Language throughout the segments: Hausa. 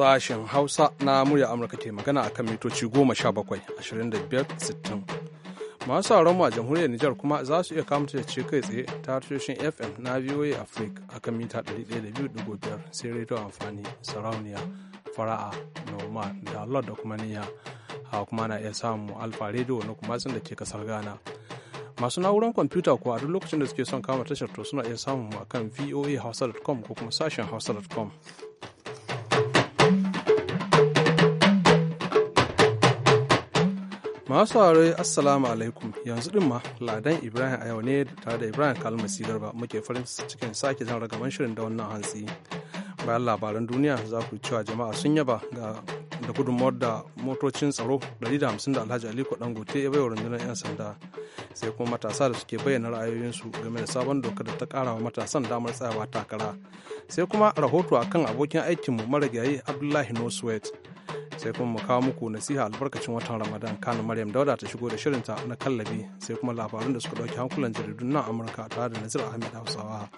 sashen Hausa na murya Amurka ke magana akan mitoci 17-25-60. Masu sauran mu a jamhuriyar Nijar kuma za su iya kamata da ce kai tsaye ta tashoshin FM na VOA Africa akan mita 102.5 sai rediyo amfani sarauniya fara'a noma da lord da kuma niyya a kuma na iya samu alfa rediyo na kuma sun da ke kasar Ghana. masu na'urar kwamfuta kuwa duk lokacin da suke son kama tashar to suna iya samun mu akan voahausa.com ko kuma sashen hausa.com masu saurare assalamu alaikum yanzu din ma ladan ibrahim a yau ne tare da ibrahim kalmasi garba muke farin cikin sake zan ragaman shirin da wannan hantsi bayan labaran duniya za ku cewa jama'a sun yaba ga da gudunmawar da motocin tsaro 150 da alhaji aliko dangote ya baiwa rundunar 'yan sanda sai kuma matasa da suke bayyana ra'ayoyinsu game da sabon dokar da ta kara wa matasan damar tsayawa takara sai kuma rahoto akan abokin aikinmu marigayi abdullahi noswet sai kuma kawo muku nasiha albarkacin watan ramadan kano maryam dauda ta shigo da shirinta na kallabi sai kuma labarun da suka ɗauki hankulan jaridun nan amurka tare da nazir ahmed hausawa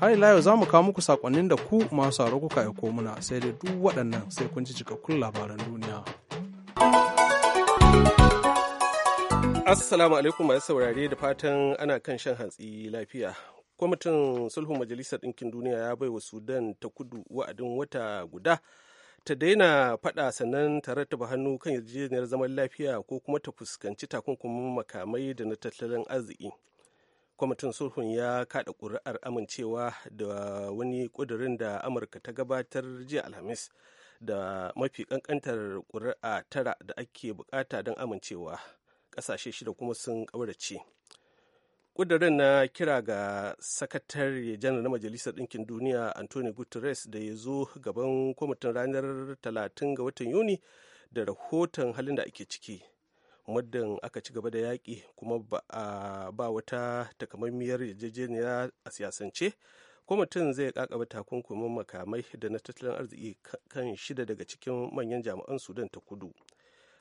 har ila yau za mu kawo muku sakonnin da ku masu aro kuka aiko muna sai dai duk waɗannan sai kun ci cikakkun labaran duniya. Assalamu alaikum masu saurare da fatan ana kan shan hantsi lafiya. Kwamitin sulhun Majalisar Ɗinkin Duniya ya bai wa Sudan ta kudu wa'adin wata guda ta daina faɗa sannan ta rattaba hannu kan yarjejeniyar zaman lafiya ko kuma ta fuskanci takunkumin makamai da na tattalin arziki kwamitin sulhun ya kada ƙuri'ar amincewa da wani ƙudurin da amurka ta gabatar jiya alhamis da mafi kankantar ƙuri'a tara da ake bukata don amincewa ƙasashe shida kuma sun ƙaurace ƙudurin na kira ga sakatare janar na majalisar ɗinkin duniya antonio guterres da ya zo gaban kwamitin ranar 30 ga watan yuni da rahoton halin da ake ciki muddin aka ci gaba da yaƙi kuma ba wata takamammiyar yarjejeniya a siyasance kwamitin zai kakaba takunkumin makamai da na tattalin arziki kan shida daga cikin manyan jami'an sudan ta kudu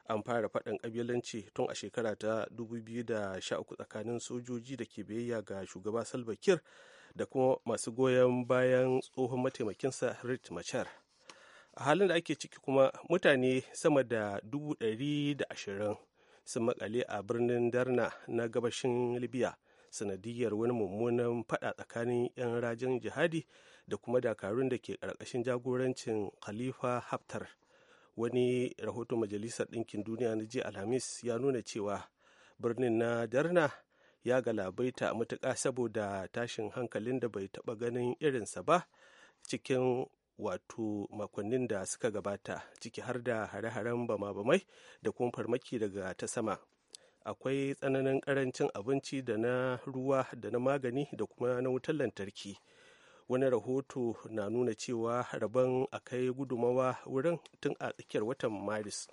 an fara faɗan ƙabilanci tun a shekara ta 2013 tsakanin sojoji da ke biyayya ga shugaba salva kiir da kuma masu goyon bayan tsohon mataimakinsa rit machar a halin da ake ciki kuma mutane sama da 120 sun makale a birnin darna na gabashin libya sanadiyar wani mummunan fada tsakanin 'yan rajin jihadi da kuma dakarun da ke ƙarƙashin jagorancin khalifa haftar wani rahoton majalisar ɗinkin duniya na jiya alhamis ya nuna cewa birnin na darna ya galabaita matuka saboda tashin hankalin da bai taɓa ganin irinsa ba cikin wato makonnin da suka gabata ciki har da hare-haren bama-bamai da kuma farmaki daga ta sama akwai tsananin karancin abinci da na ruwa da na magani da kuma na wutar lantarki wani rahoto na nuna cewa rabon a kai gudumawa wurin tun a tsakiyar watan maris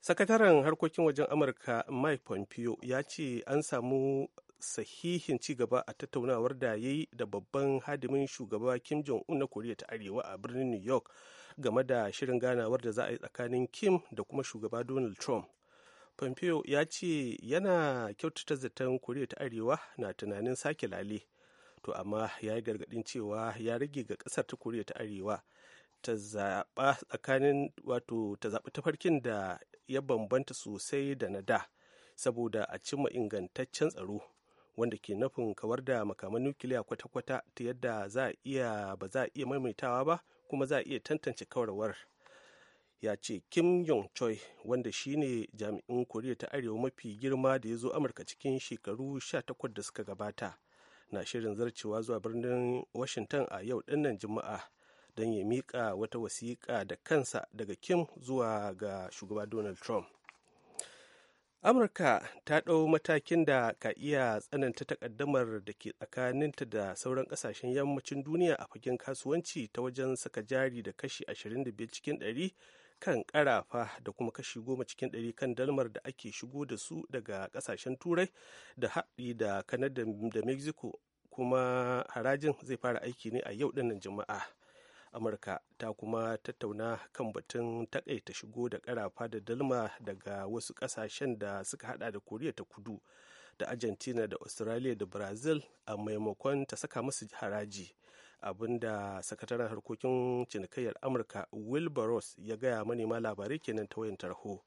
sakataren harkokin wajen amurka mike pompeo ya ce an samu sahihin ci gaba a tattaunawar da ya yi da babban hadimin shugaba kim jong-un na koriya ta arewa a birnin new york game da shirin ganawar da za a yi tsakanin kim da kuma shugaba donald trump pompeo ya ce yana kyautata zaton koriya ta arewa na tunanin sake lale to amma ya yi gargaɗin cewa ya rage ga ƙasar ta koriya ta arewa ta zaɓa tsakanin wato ta zaɓi tafarkin da ya bambanta sosai da na da saboda a cimma ingantaccen tsaro wanda ke nufin kawar da makaman nukiliya kwata-kwata ta yadda za a iya ba za a iya maimaitawa ba kuma za a iya tantance kawarwar ya ce kim yong choi wanda shine jami'in koriya ta arewa mafi girma da ya zo amurka cikin shekaru 18 da suka gabata na shirin zarcewa zuwa birnin washington a yau dinnan juma'a don ya miƙa wata wasiƙa da kansa daga kim zuwa ga shugaba donald trump amurka ta ɗau matakin da ka iya tsananta takaddamar da ke tsakaninta da sauran ƙasashen yammacin duniya a fagen kasuwanci ta wajen saka jari da kashi 25 cikin 100 kan karafa da kuma kashi goma cikin ɗari kan dalmar da ake shigo da su daga ƙasashen turai da haɗi da kanada da mexico kuma harajin zai fara aiki ne a yau ɗinnan jama'a amurka ta kuma tattauna kan batun takaita shigo da karafa da dalma daga wasu ƙasashen da suka hada da koriya ta kudu da argentina da australia da brazil a maimakon ta saka musu haraji abin da sakataren harkokin cinikayyar amurka wilbur ross ya gaya manema labarai kenan ta wayan tarho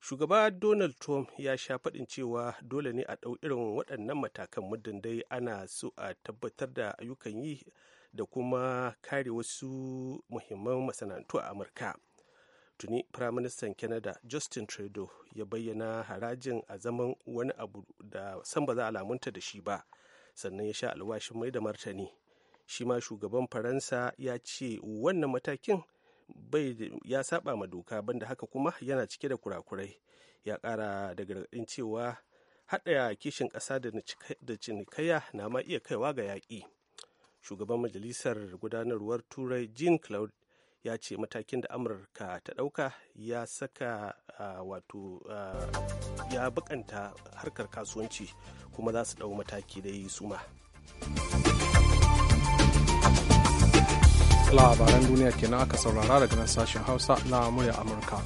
shugaba donald trump ya sha faɗin cewa dole ne a ɗau irin waɗannan matakan muddin dai ana so a tabbatar da ayyukan yi da kuma kare wasu muhimman masana'antu a amurka tuni firaministan canada justin trudeau ya bayyana harajin a zaman wani abu da san ba za a lamunta da shi ba sannan ya sha alwashin mai da martani shi ma shugaban faransa ya ce wannan matakin bai ya saba ma doka banda haka kuma yana cike da kurakurai ya kara da gargaɗin cewa haɗa kishin ƙasa da cinikaya na ma iya kaiwa ga yaƙi shugaban majalisar gudanarwar turai jean claude ya ce matakin da amurka ta ɗauka ya saka wato ya bakanta harkar kasuwanci kuma za su ɗau mataki da yi suma. labaran duniya kenan aka saurara daga nan sashen hausa na murya amurka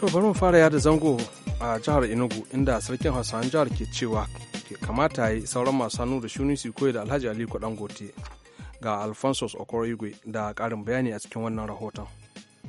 to bari mu fara yada zango a jihar enugu inda sarkin hausawan jihar ke cewa ke kamata yi sauran masu hannu da shuni su koyi da alhaji aliko dangote ga alphonsus okoro da ƙarin bayani a cikin wannan rahoton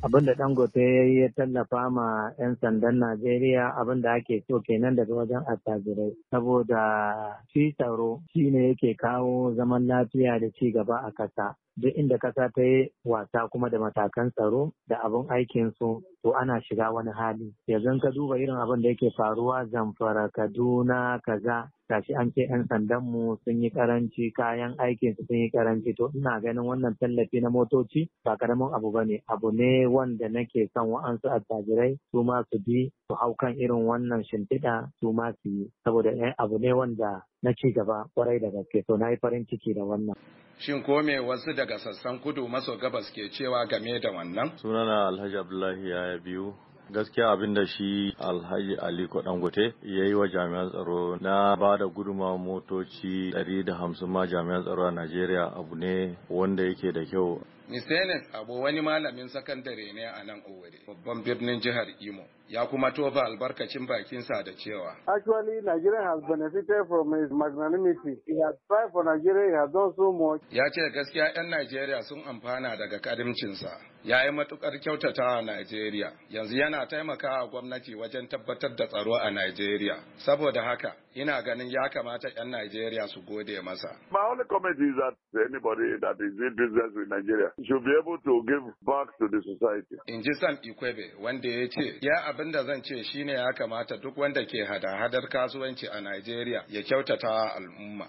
abin da dangote ya yi ya tallafa ma 'yan sandan najeriya abin da ake so kenan daga wajen attajirai saboda shi tsaro shi ne yake kawo zaman lafiya da ci gaba a ƙasa duk inda ƙasa ta yi wasa kuma da matakan tsaro da abin aikin su to ana shiga wani hali yanzu ka duba irin abin da yake faruwa zamfara kaduna kaza gashi an ce 'yan mu sun yi karanci kayan aikin su sun yi karanci to ina ganin wannan tallafi na motoci ba karamin abu ba ne abu ne wanda nake son wa'ansu attajirai su ma su bi su hau kan irin wannan shimfiɗa su ma su yi saboda eh, abu ne wanda na ci gaba kwarai da gaske to na yi farin ciki da wannan. Shin ko me wasu daga sassan kudu maso gabas ke cewa game da wannan? Sunana Alhaji Abdullahi ya biyu gaskiya abin da shi alhaji aliko dangote ya yi wa jami'an tsaro na ba da guduma motoci 150 ma jami'an tsaro a najeriya abu ne wanda yake da kyau Misenes abu wani malamin sakandare ne a nan Owerri, babban birnin jihar Imo. Ya kuma tofa albarkacin bakinsa da cewa. Actually, Nigeria has benefited from his magnanimity. He has tried for Nigeria, he has done so much. Ya ce gaskiya 'yan Najeriya sun amfana daga karimcinsa. Ya yi matukar kyautatawa Najeriya. Yanzu yana taimakawa gwamnati wajen tabbatar da tsaro a Najeriya. Saboda haka, ina ganin ya kamata 'yan Najeriya su gode masa. My only comment is that anybody that is in business with Nigeria should be able to give back to the society. In ji Sam Ikwebe wanda ya ce, ya abin da zan ce shine ya kamata duk wanda ke hada-hadar kasuwanci a Najeriya ya kyautata al'umma.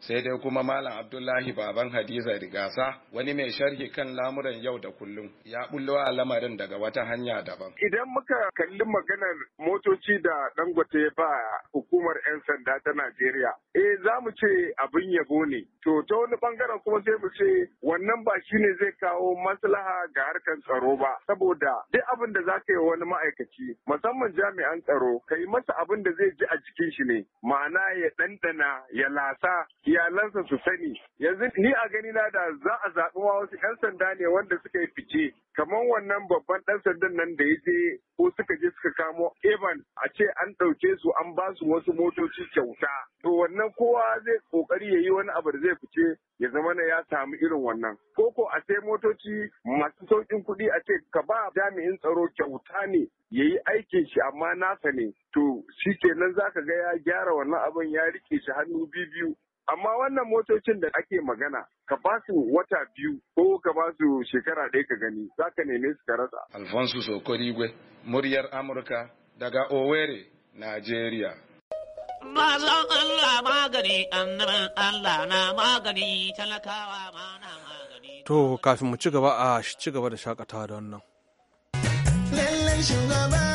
sai dai kuma malam abdullahi baban hadiza rigasa wani mai sharhi kan lamuran yau da kullum ya bullo a lamarin daga wata hanya daban idan muka kalli maganar motoci da dangote ba hukumar 'yan sanda ta najeriya eh za mu ce abin yabo ne to ta wani bangaren kuma sai mu ce wannan ba shi ne zai kawo maslaha ga harkar tsaro ba saboda duk abin da za ka yi wani ma'aikaci musamman jami'an tsaro ka yi masa abin da zai ji a jikin shi ne ma'ana ya ɗanɗana ya lasa iyalansa su sani yanzu ni a gani na da za a zaɓi wasu 'yan sanda ne wanda suka yi fice kamar wannan babban ɗan sandan nan da ya je ko suka je suka kamo Evan a ce an ɗauke su an ba su wasu motoci kyauta to wannan kowa zai kokari ya yi wani abu da zai fice ya zama na ya samu irin wannan ko ko a sai motoci masu sauƙin kuɗi a ce ka ba jami'in tsaro kyauta ne ya yi aikin shi amma nasa ne to shi kenan za ka ga ya gyara wannan abin ya rike shi hannu biyu amma wannan motocin da ake magana ka ba su wata biyu ko ka ba su shekara ɗaya ka gani za ka neme su ka rasa. Alfonso Sokorigwe, muryar Amurka daga Owerri, Najeriya. Mazan Allah magani, annabin Allah na magani, talakawa ma na magani. To, kafin mu ci gaba a ci gaba da shakatawa da wannan. Lallai shugaba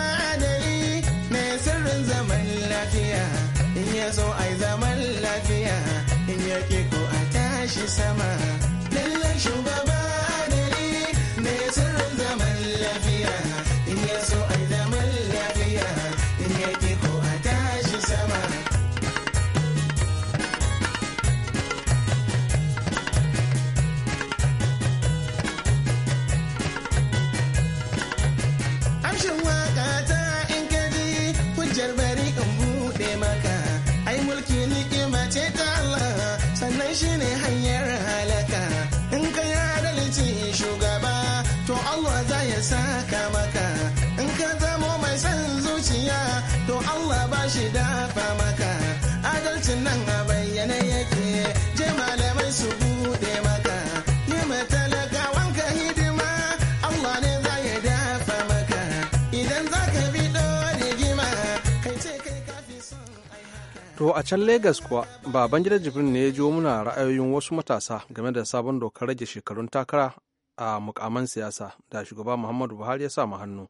to Allah ba shi dafa maka adalcin nan a bayyane yake je malamai su bude maka ne matalakawan ka hidima Allah ne za ya dafa maka idan za ka bi gima kai ce kai kafi son To a can Legas kuwa baban gidan Jibrin ne ya jo muna ra'ayoyin wasu matasa game da sabon dokar rage shekarun takara a mukaman siyasa da shugaba Muhammadu Buhari ya sa mu hannu.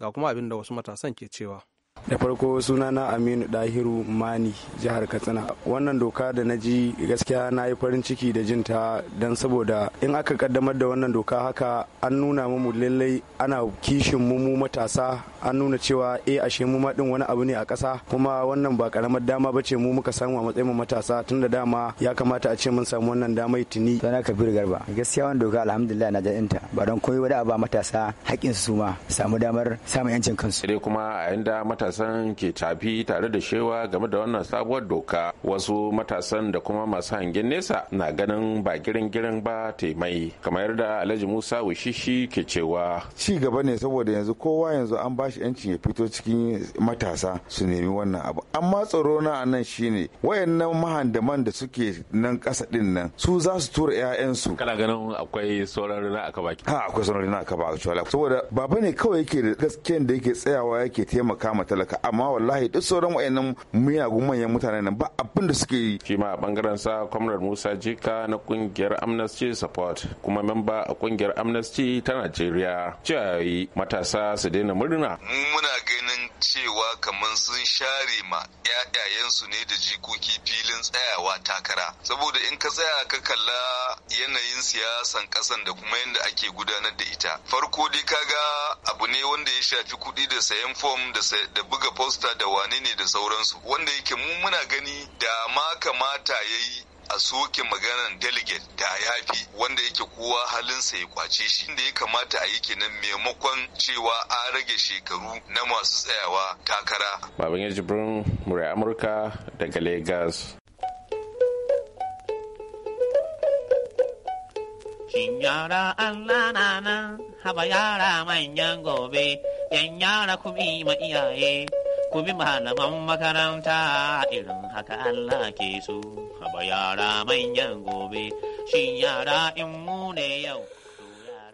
Ga kuma abin da wasu matasan ke cewa. da farko sunana aminu dahiru mani jihar katsina wannan doka da na ji gaskiya na yi farin ciki da jin ta don saboda in aka kaddamar da wannan doka haka an nuna mu lallai ana kishin mu matasa an nuna cewa e ashe mu ma din wani abu ne a ƙasa kuma wannan ba karamar dama ba ce mu muka samu a matsayin mu matasa tun da dama ya kamata a ce mun samu wannan damai tuni sana kabiru garba gaskiya wannan doka alhamdulillah na jadinta ba don koyi wani abu matasa haƙƙinsu su ma samu damar samun yancin kansu kuma a inda matasa matasan ke tafi tare da shewa game da wannan sabuwar doka wasu matasan da kuma masu hangen nesa na ganin ba girin girin ba taimai kamar da alhaji musa wishishi ke cewa ci gaba ne saboda yanzu kowa yanzu an bashi yancin ya fito cikin matasa su nemi wannan abu amma tsaro na nan shine wayannan mahandaman da suke nan kasa din nan su za su tura 'ya'yansu kana ganin akwai sauran rina aka baki ha akwai sauran rina aka baki saboda baba ne kawai yake da gaskiyan da yake tsayawa yake taimaka ma talaka amma wallahi duk sauran wayannan miyagun manyan mutanen nan ba abin da suke yi shi ma a bangaren sa comrade Musa Jika na kungiyar Amnesty Support kuma memba a kungiyar Amnesty ta Najeriya cewa matasa su daina murna mu muna ganin cewa kamar sun share ma ƴaƴayensu ne da jikoki filin tsayawa takara saboda in ka tsaya ka kalla yanayin siyasan kasan da kuma yadda ake gudanar da ita farko dai kaga abu ne wanda ya shafi kuɗi da sayan fom da da buga posta da wane ne da sauransu wanda yake mu muna gani da ma kamata ya yi a soke maganan delegate da yafi wanda yake kowa halinsa ya kwace shi inda ya kamata a yi kenan maimakon cewa a rage shekaru na masu tsayawa takara. Babin ya murai Amurka daga Lagos. Shin yara Allah na nan, haba yara manyan gobe. 'yan yara ku bi ma iyaye ku bi malaman makaranta irin haka Allah ke so haba yara manyan gobe shi yara in mu ne yau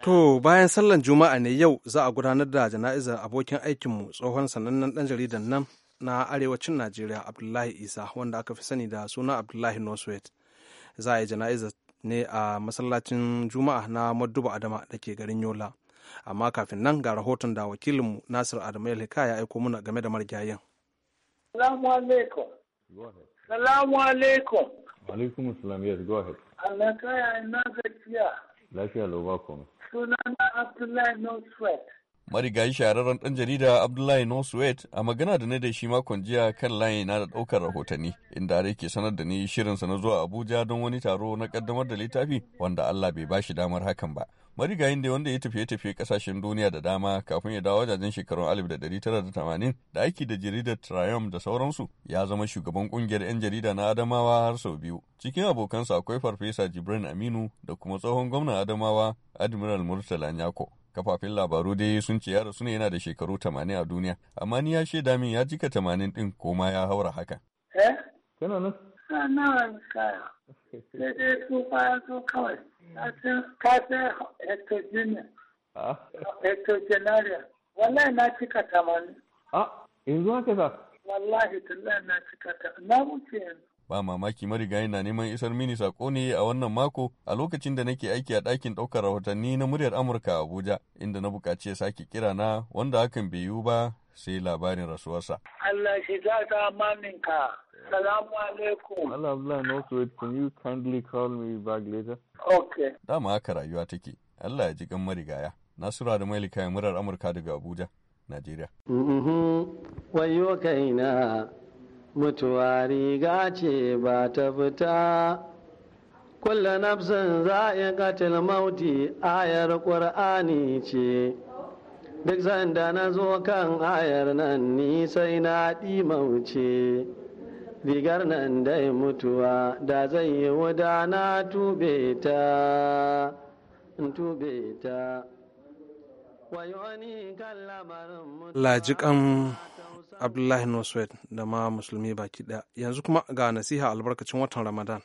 To bayan sallan juma'a ne yau za a gudanar da jana'izar abokin aikinmu tsohon sanannen ɗan jaridan nan na arewacin Najeriya Abdullahi Isa wanda aka fi sani da suna Abdullahi Noswet. Za a yi jana'izar ne a masallacin juma'a na Maduba Adama da ke garin Yola. amma kafin nan ga rahoton da wakilinmu nasir adamu ya aiko muna game da marigayen salamu alaikum salamu alaikum alaikum yes go ahead Allah ina gajiya lafiya lau ba sunana abdullahi no sweat marigayi shahararren ɗan jarida abdullahi sweat a magana da na da shi makon jiya kan layi na da ɗaukar rahotanni inda are ke sanar da ni shirinsa na zuwa abuja don wani taro na ƙaddamar da littafi wanda allah bai bashi damar hakan ba marigayin da wanda ya tafiye-tafiye kasashen duniya da dama kafin ya dawo wajajen shekarun 1980 da aiki da jaridar triumph da sauransu ya zama shugaban kungiyar 'yan jarida na adamawa har sau biyu cikin abokansa akwai farfesa jibrin aminu da kuma tsohon gwamnan adamawa admiral murtala nyako Kafafin labaru dai sun ce ya rasu ne yana da shekaru 80 a duniya amma ni ya shaida min ya jika 80 din ko ma ya haura haka eh kana nan ah, na ka kawai kasan ah. wallahi na cika a ah, yanzu haka sa wallahi tallahi na cika ta, na wuce yanzu ba mamaki marigayi na neman isar mini sako ne a wannan mako a lokacin da nake aiki a ɗakin ɗaukar rahotanni na muryar amurka a abuja inda na buƙaci ya sake kira na wanda hakan bai yiwu ba sai labarin rasuwarsa. Allah shi ta ta maninka. Salamu alaikum. Allah Abdullah no wait can you kindly call me back later? Okay. Dama haka rayuwa take. Allah ya ji kan marigaya. Nasura da mai likayen murar Amurka daga Abuja, Najeriya. Wayo kaina mutuwa riga ce ba ta fita. Kulla nafsin za'iqatil mauti ayar ƙur'ani ce. duk sanda na zo kan ayar nan ni sai na ɗimauce rigar nan dai mutuwa da zai yi wuda na tube ta tube ta lajikan abdullahi noswet da ma musulmi baki ɗaya yanzu kuma ga nasiha albarkacin watan ramadan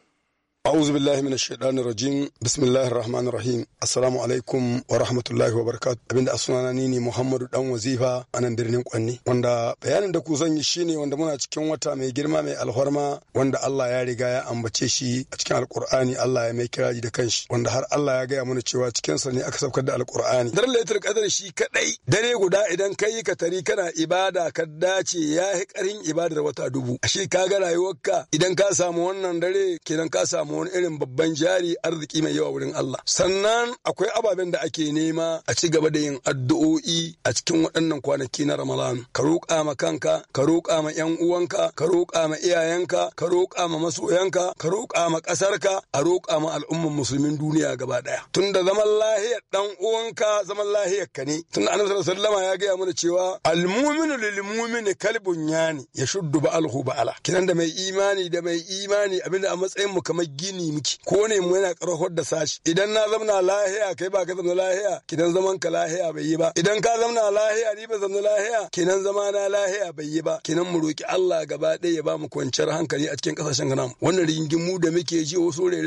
أعوذ بالله من الشيطان الرجيم بسم الله الرحمن الرحيم السلام wa ورحمة الله وبركاته abinda a sunana ni ne Muhammadu dan wazifa a nan birnin Kwanni wanda bayanin da ku zan yi shine wanda muna cikin wata mai girma mai alhorma wanda Allah ya riga ya ambace shi a cikin Alkur'ani Allah ya mai kiraji da kanshi wanda har Allah ya gaya mana cewa cikin sa ne aka saukar da Alkur'ani daren Lailatul Qadr shi kadai dare guda idan kai ka tari kana ibada ka dace ya hi karin ibadar wata dubu ashe kaga rayuwarka idan ka samu wannan dare kenan ka samu samu wani irin babban jari arziki mai yawa wurin Allah sannan akwai ababen da ake nema a ci gaba da yin addu'o'i a cikin waɗannan kwanaki na Ramadan ka roƙa ma kanka ka roƙa ma ƴan uwanka ka roƙa ma iyayenka ka roƙa ma masoyanka ka roƙa ma ƙasarka a roƙa ma al'ummar musulmin duniya gaba ɗaya tunda zaman lahiyar ɗan uwanka zaman lahiyar ka ne tunda annabi sallallahu alaihi wasallam ya gaya mana cewa al-mu'minu lil-mu'mini kalbun yani ya shuddu ba'alhu ba'ala Kinan da mai imani da mai imani abinda a matsayin mu kamar gini miki ko ne mu yana karfafar da sashi idan na zamna lahiya kai ba ka zamna lahiya kidan zaman ka lahiya bai yi ba idan ka zamna lahiya ni ba zamna lahiya kidan zama na lahiya bai yi ba kidan mu roki Allah gaba ɗaya ya ba mu kwanciyar hankali a cikin kasashen ganan wannan mu da muke ji wasu ko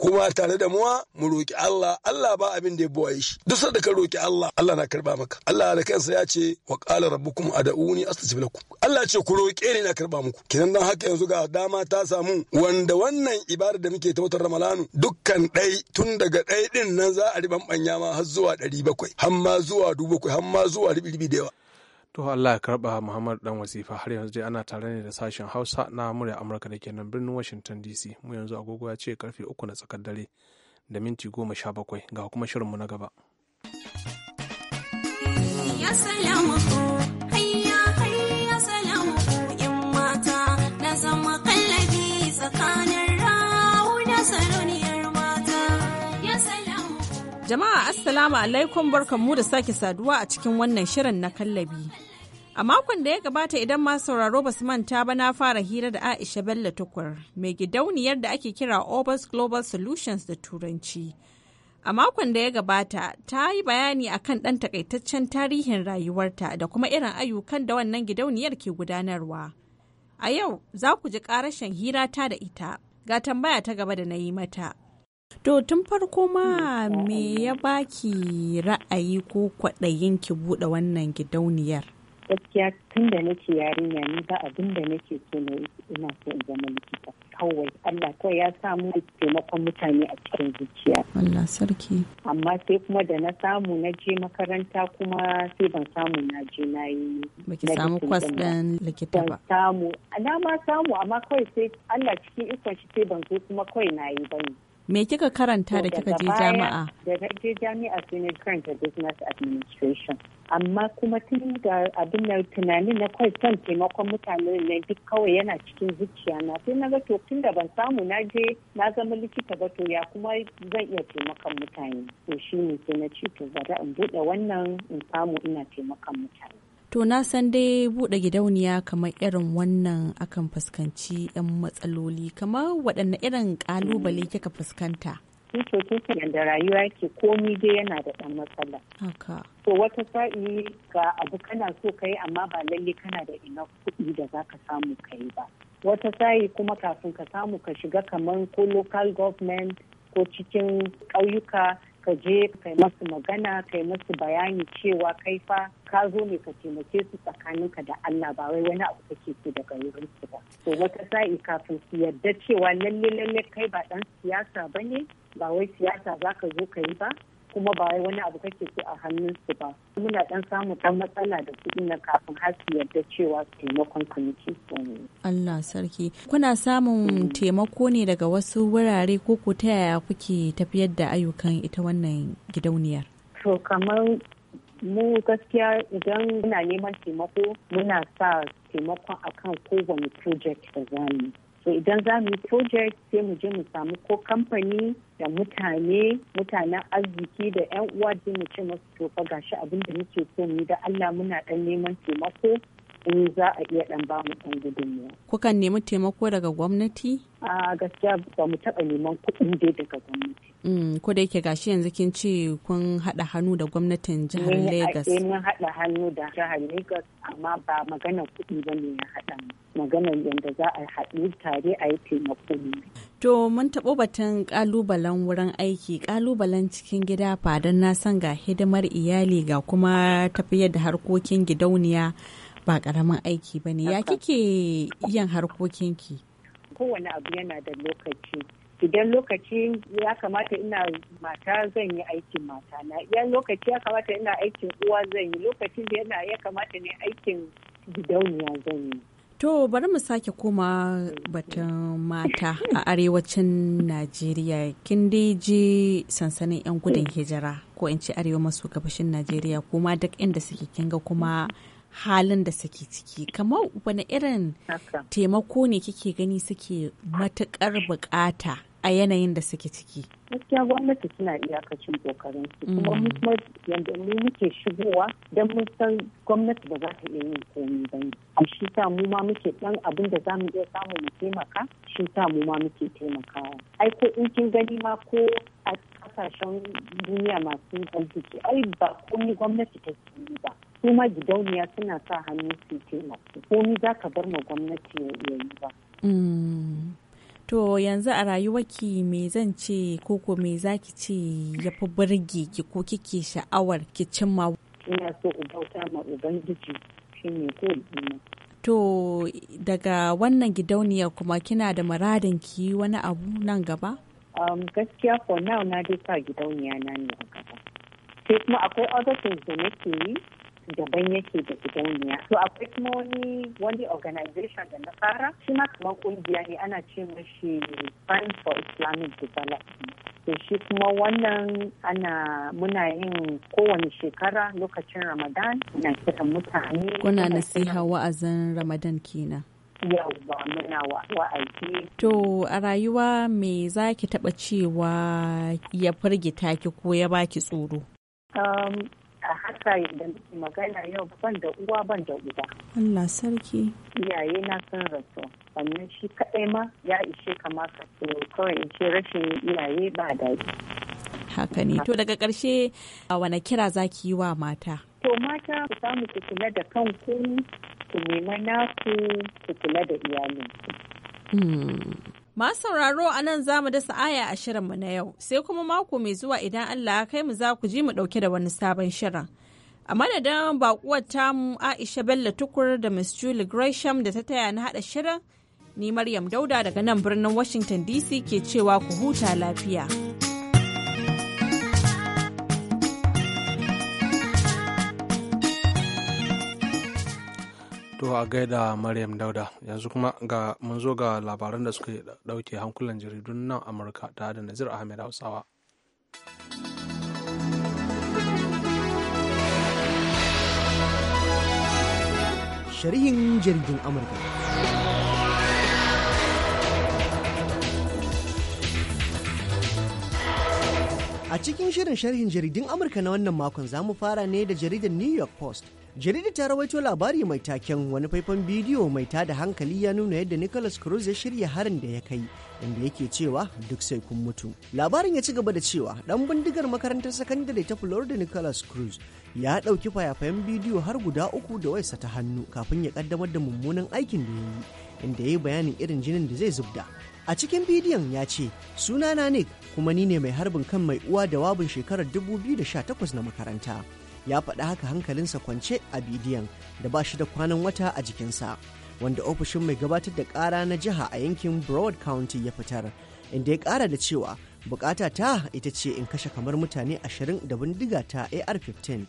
kuma tare da muwa mu roki Allah Allah ba abin da ya buwaye shi duk sanda ka roki Allah Allah na karba maka Allah da kansa ya ce wa qala rabbukum ad'uni astajib lakum Allah ce ku roke ni na karba muku kidan dan haka yanzu ga dama ta samu wanda wannan ibada da muke ake ta ramalanu dukkan ɗai tun daga ɗai ɗin nan za a riban ɓanya ma har zuwa ɗari bakwai har ma zuwa dubu bakwai har ma zuwa ribi ribi da yawa. to Allah ya karɓa Muhammad dan wasifa har yanzu dai ana tare ne da sashen Hausa na murya Amurka da ke nan birnin Washington DC mu yanzu agogo ya ce karfe uku na tsakar dare da minti goma sha bakwai ga kuma shirinmu na gaba. Ya salamu Jama'a Assalamu alaikum mu da sake saduwa a cikin wannan shirin na kallabi. A makon da ya gabata idan masu sauraro basu manta ba na fara hira da Aisha Bello Tukur, mai gidauniyar da ake kira Obas Global Solutions da Turanci. A makon da ya gabata ta yi bayani a kan ɗan takaitaccen tarihin rayuwarta da kuma irin ayyukan da wannan gidauniyar ke gudanarwa. A yau za ku ji ƙarashin hira ta da ita Ga tambaya ta gaba da na yi mata. To tun farko ma me ya baki ra'ayi ko kwaɗayin ki buɗe wannan gidauniyar? gaskiya tun da nake yarinya ni ba abin da nake so na ina so in zama likita kawai Allah kawai ya samu taimakon mutane a cikin zuciya Allah sarki amma sai kuma da na samu na je makaranta kuma sai ban samu na je na yi baki samu kwas din likita ba samu na ma samu amma kawai sai Allah cikin ikon shi sai ban zo kuma kawai na yi bane Me kika karanta da kika je jami'a? Da je jami'a su ne karanta business administration. Amma kuma tun da abin da tunanin na kawai son taimakon mutane ne duk kawai yana cikin zuciya na sai na ga to tun da ban samu na je na zama likita ba to ya kuma zan iya taimakon mutane. To shi ne sai na ce to bari in buɗe wannan in samu ina taimakon mutane. to na san dai buɗe gidauniya kamar irin wannan akan fuskanci 'yan matsaloli kamar waɗanne irin ƙalubale kika fuskanta to tutunan da rayuwa yake komi dai yana da ɗan matsala. To wata sa'i ga abu kana so ka yi amma ba lalle kana da ina kuɗi da za ka samu ka yi ba. Wata sa'i kuma kafin ka samu ka shiga kamar ko local government ko cikin ƙauyuka ka je ka yi masu magana ka yi masu bayani cewa kai fa ka zo ne ka taimake su tsakanin ka da Allah ba wai wani abu kake so daga wurin su ba to wata sa'i kafin su yarda cewa lalle lalle kai ba dan siyasa bane ba wai siyasa za ka zo ka yi ba kuma ba wani abu kake so a hannunsu ba muna dan samu dan matsala da kuɗi na kafin har su yarda cewa taimakon kwamiti Allah sarki kuna samun mm. taimako ne daga wasu wurare ko ko ta yaya kuke tafiyar da ayyukan ita wannan gidauniyar to kamar mu gaskiya idan muna neman taimako muna sa taimakon akan kowane project da zamu so idan za mu yi project sai mu je mu samu ko kamfani da mutane mutanen arziki da yan uwa je mu ce masu to fa gashi abin da muke so mu da Allah muna dan neman taimako in za a iya dan ba mu ɗan gudunmu. Kukan nemi taimako daga gwamnati? A gaskiya ba mu taɓa neman kuɗin dai daga gwamnati. Mm, ko da yake gashi yanzu kin ce kun haɗa hannu da gwamnatin jihar Lagos. a eh, mun haɗa hannu da jihar Lagos amma ba magana kuɗi ba ne ya haɗa magana yadda za a haɗu tare a yi taimako ne. To mun taɓo batun ƙalubalen wurin aiki, ƙalubalen cikin gida fadan na san ga hidimar iyali ga kuma tafiyar da harkokin gidauniya. ba karamin aiki ba ne ya kike yin harkokinki kowane abu yana da lokaci idan lokaci ya kamata ina mata zan yi aikin mata na idan lokaci ya kamata ina aikin uwa zan yi lokaci da yana ya kamata ne aikin gidauniya zan yi To bari mu sake koma batun mata a arewacin Najeriya. Kin dai je sansanin 'yan gudun hijira ko in ce arewa maso gabashin Najeriya kuma duk inda suke kinga kuma halin da suke ciki kamar wani irin taimako ne kike gani suke matukar bukata a yanayin da suke ciki gaskiya gwamnati suna iyakacin kokarin su kuma mu mm. kuma yanda mu muke shigowa dan mun san gwamnati ba za ta iya yin komai ba ne shi sa mu ma muke dan abin da zamu iya samu mu taimaka shi sa mu ma muke taimakawa ai ko in kin gani ma ko a kasashen duniya masu arziki ai ba komi gwamnati ta yi ba su ma gidauniya suna sa hannu su taimako komi za ka bar ma gwamnati ya yi ba. To yanzu a rayuwarki me zan ce ko me za ki ce ya fi burge ki ko kike sha'awar ki cimma. Ina so bauta ma ubangiji shi ne ko To daga wannan gidauniyar kuma kina da muradin ki wani abu nan gaba? Um, gaskiya for now na dai sa gidauniya na ne a gaba sai kuma akwai other things da nake yi daban yake da gidauniya so akwai kuma wani wani organization da na fara shi ma kamar kungiya ne ana ce mashi fund for islamic development to shi kuma wannan ana muna yin kowane shekara lokacin ramadan na kiran mutane kuna nasiha wa'azin ramadan kenan ba muna wa'azi. To a rayuwa me za ki taɓa cewa ya firgita ki ko ya baki tsoro? Um, a haka da muke magana yau ban da uwa ban da uba. Allah sarki. Iyaye na san rasu. Wannan shi kaɗai ma ya ishe kama ka kawai in ce rashin iyaye ba daɗi. Haka ne. To daga ƙarshe a wane kira za ki yi wa mata? To mata ku samu ku kula da kanku ku nema naku ku kula da iyalinku. Hmm. Masu sauraro a nan za mu dasa aya a shirinmu na yau, sai kuma mako mai zuwa idan Allah kai mu za ku ji mu ɗauke da wani sabon shirin. A madadin baƙuwar tamu Aisha Bello Tukur da Miss Julie Gresham da ta taya na haɗa shirin, ni Maryam Dauda daga nan birnin Washington DC ke cewa ku huta lafiya. To a gaida Maryam Dauda yanzu kuma ga mun zo ga labaran da suka dauke hankulan jaridun nan Amurka tare da Nazir Ahmed Hausawa. Sharihin jaridun Amurka. A cikin shirin sharhin jaridun Amurka na wannan makon za mu fara ne da jaridar New York Post. jaridar ta rawaito labari mai taken wani faifan bidiyo mai tada hankali ya nuna yadda nicholas cruz ya shirya harin da ya kai inda yake cewa duk sai kun mutu labarin ya ci gaba da cewa dan bindigar makarantar sakandare ta florida nicholas cruz ya ɗauki fayafayen bidiyo har guda uku da waisa ta hannu kafin ya kaddamar da mummunan aikin da ya yi inda ya yi bayanin irin jinin da zai zubda a cikin bidiyon ya ce sunana nick kuma ni ne mai harbin kan mai uwa da wabin shekarar 2018 na makaranta ya faɗi haka hankalinsa kwance a bidiyon da ba shi da kwanan wata a jikinsa wanda ofishin mai gabatar da ƙara na jiha a yankin broad county ya fitar inda ya ƙara da cewa bukata ta ita ce in kashe kamar mutane ashirin da bindiga ta ar-15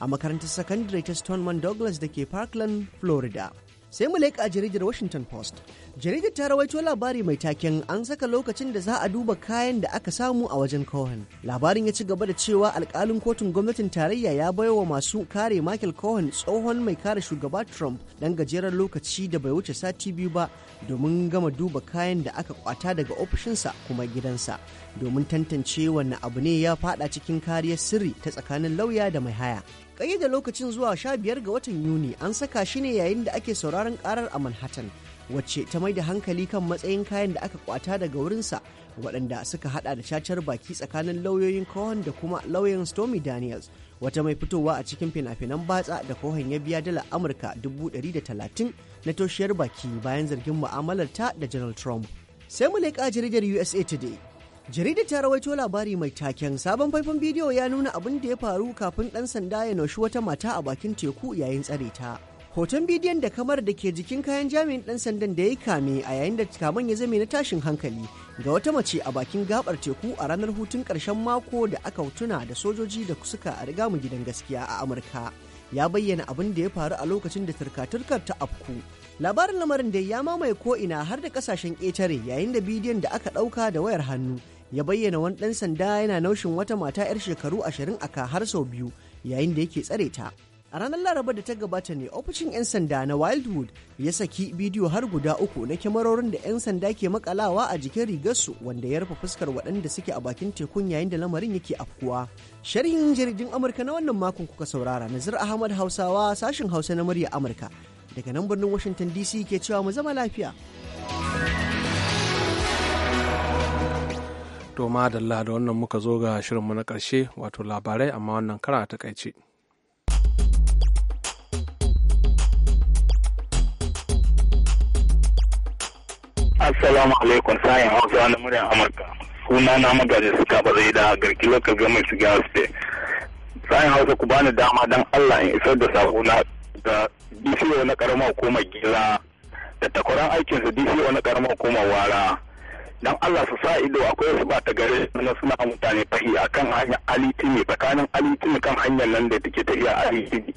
a makarantar secondary ta stoneman douglas da ke parkland florida sai mu leƙa jaridar washington post jaridar ta rawaito labari mai taken an saka lokacin da za a duba kayan da aka samu a wajen cohen labarin ya ci gaba da cewa alkalin kotun gwamnatin tarayya ya baiwa masu kare michael cohen tsohon mai kare shugaba trump dan gajeren lokaci da bai wuce sati biyu ba domin gama duba kayan da aka kwata daga ofishinsa kuma gidansa domin tantance wanne abu ne ya fada cikin kariyar sirri ta tsakanin lauya da mai haya da lokacin zuwa sha biyar ga watan Yuni an saka shi ne yayin da ake sauraron karar a Manhattan, wacce ta mai da hankali kan matsayin kayan da aka kwata daga wurinsa waɗanda suka hada da cacar baki tsakanin lauyoyin Cohen da kuma lauyan Stormy Daniels, wata mai fitowa a cikin fina-finan batsa da Cohen ya biya dala Amurka 130 na toshiyar baki bayan zargin mu'amalar ta da general Trump. Sai mu leƙa jaridar USA Today jaridar ta rawaito labari mai taken sabon faifan bidiyo ya nuna abin da ya faru kafin ɗan sanda ya naushi wata mata a bakin teku yayin tsare ta hoton bidiyon da kamar da ke jikin kayan jami'in ɗan sandan da ya kame a yayin da kaman ya zame na tashin hankali ga wata mace a bakin gabar teku a ranar hutun ƙarshen mako da aka tuna da sojoji da suka riga mu gidan gaskiya a amurka ya bayyana abin da ya faru a lokacin da turka-turkar ta afku labarin lamarin da ya mamaye ko'ina har da kasashen ƙetare yayin da bidiyon da aka ɗauka da wayar hannu ya bayyana wani ɗan sanda yana naushin wata mata 'yar shekaru ashirin a ka har sau biyu yayin da yake tsare ta. A ranar Laraba da ta gabata ne ofishin 'yan sanda na Wildwood ya saki bidiyo har guda uku na kyamarorin da 'yan sanda ke makalawa a jikin rigarsu wanda ya rufe fuskar waɗanda suke a bakin tekun yayin da lamarin yake afkuwa. Sharhin jaridin Amurka na wannan makon kuka saurara Nazir Ahmad Hausawa sashin Hausa na murya Amurka daga nan birnin Washington DC ke cewa mu zama lafiya. To madalla da wannan muka zo ga shirinmu na karshe wato labarai amma wannan kara ta kaice. Assalamu alaikum sayin hausa na muryar Amurka. Suna na magaji suka ba bazai da garki lokal gamar shiga state. Sayin hausa ku bani dama don Allah in isar da sako na da DCO na karamar hukumar gila da takwaran aikinsa DCO na karamar hukumar wara. dan Allah su sa ido akwai wasu ba ta gare na suna mutane fahi akan hanyar alitini tsakanin alitini kan hanyar nan da take tafiya alitini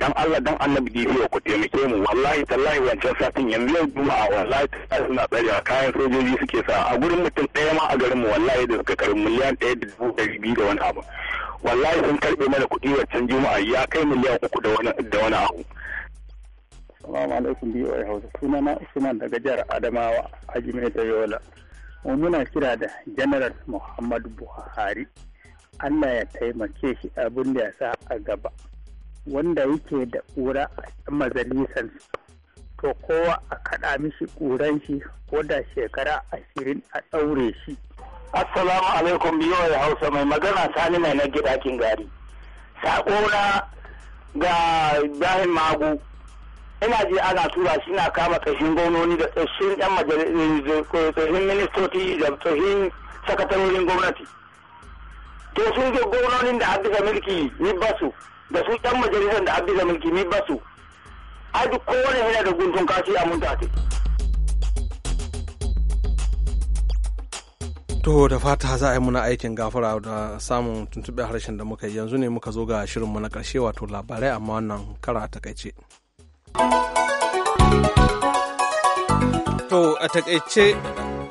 dan Allah dan annabi gidiyo ku taimake mu wallahi tallahi wancan satin yanzu yau juma'a wallahi tallahi suna a kayan sojoji suke sa a gurin mutum ɗaya ma a garin mu wallahi da suka karbi miliyan ɗaya da dubu ɗari biyu da wani abu wallahi sun karɓe mana kuɗi wancan juma'a ya kai miliyan uku da wani abu. Salamu alaikum biyu a hausa na Usman daga jihar Adamawa a Jimai da Yola. mu muna kira da general muhammadu buhari allah ya taimake shi abin da ya sa a gaba wanda yake da ƙura a majalisar to kowa a kaɗa mishi ƙuran shi ko da shekara ashirin a ɗaure shi assalamu alaikum biyo ya hausa mai magana sani mai na gidakin gari saƙona ga jahin magu ina je ana tura shi na kama tsohin gwamnoni da tsohin yan majalisar tsohin ministoci da tsohin sakatarorin gwamnati to sun zo gwamnonin da abisa mulki ni basu da su yan majalisar da abisa mulki ni basu ai duk kowane yana da guntun kashi a mun tate. To da fata za a yi muna aikin gafara da samun tuntuɓe harshen da muka yi yanzu ne muka zo ga shirinmu na ƙarshe wato labarai amma wannan kara a takaice. To a takaice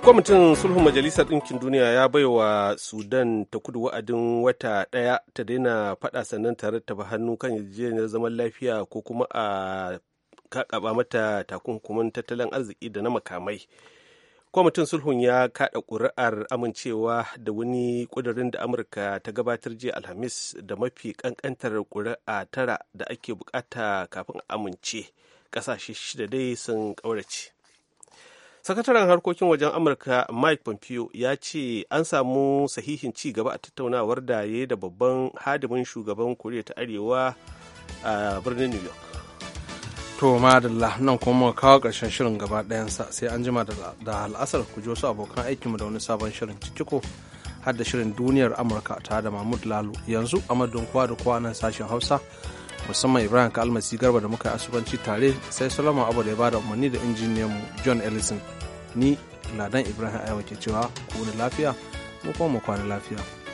kwamitin sulhun majalisa ɗinkin duniya ya baiwa sudan ta kudu wa'adin wata ɗaya ta daina faɗa sannan tare ta rattaba hannu kan yarjejeniyar zaman lafiya ko kuma a kaɓa mata takunkumin tattalin arziki da na makamai kwamitin sulhun ya kada ƙuri'ar amincewa da wani ƙudurin da amurka ta gabatar jiya alhamis da mafi ƙanƙantar ƙuri'a tara da ake bukata kafin amince kasashe shida dai sun ƙaurace sakataren harkokin wajen amurka mike pompeo ya ce an samu sahihin ci gaba a tattaunawar da ya da babban hadimin shugaban koriya ta arewa a birnin new york to madalla nan kuma kawo ƙarshen shirin gaba sa sai an jima da al'asar ku ji wasu abokan mu da wani sabon shirin cikiko har da shirin duniyar amurka tare da mahmud lalu yanzu a madadin kowa da kowa nan sashen hausa musamman ibrahim kalmasi garba da muka yi asubanci tare sai solomon abu da ya bada umarni da injiniyan mu john ellison ni ladan ibrahim ayawa ke cewa ku lafiya mu kuma mu kwana lafiya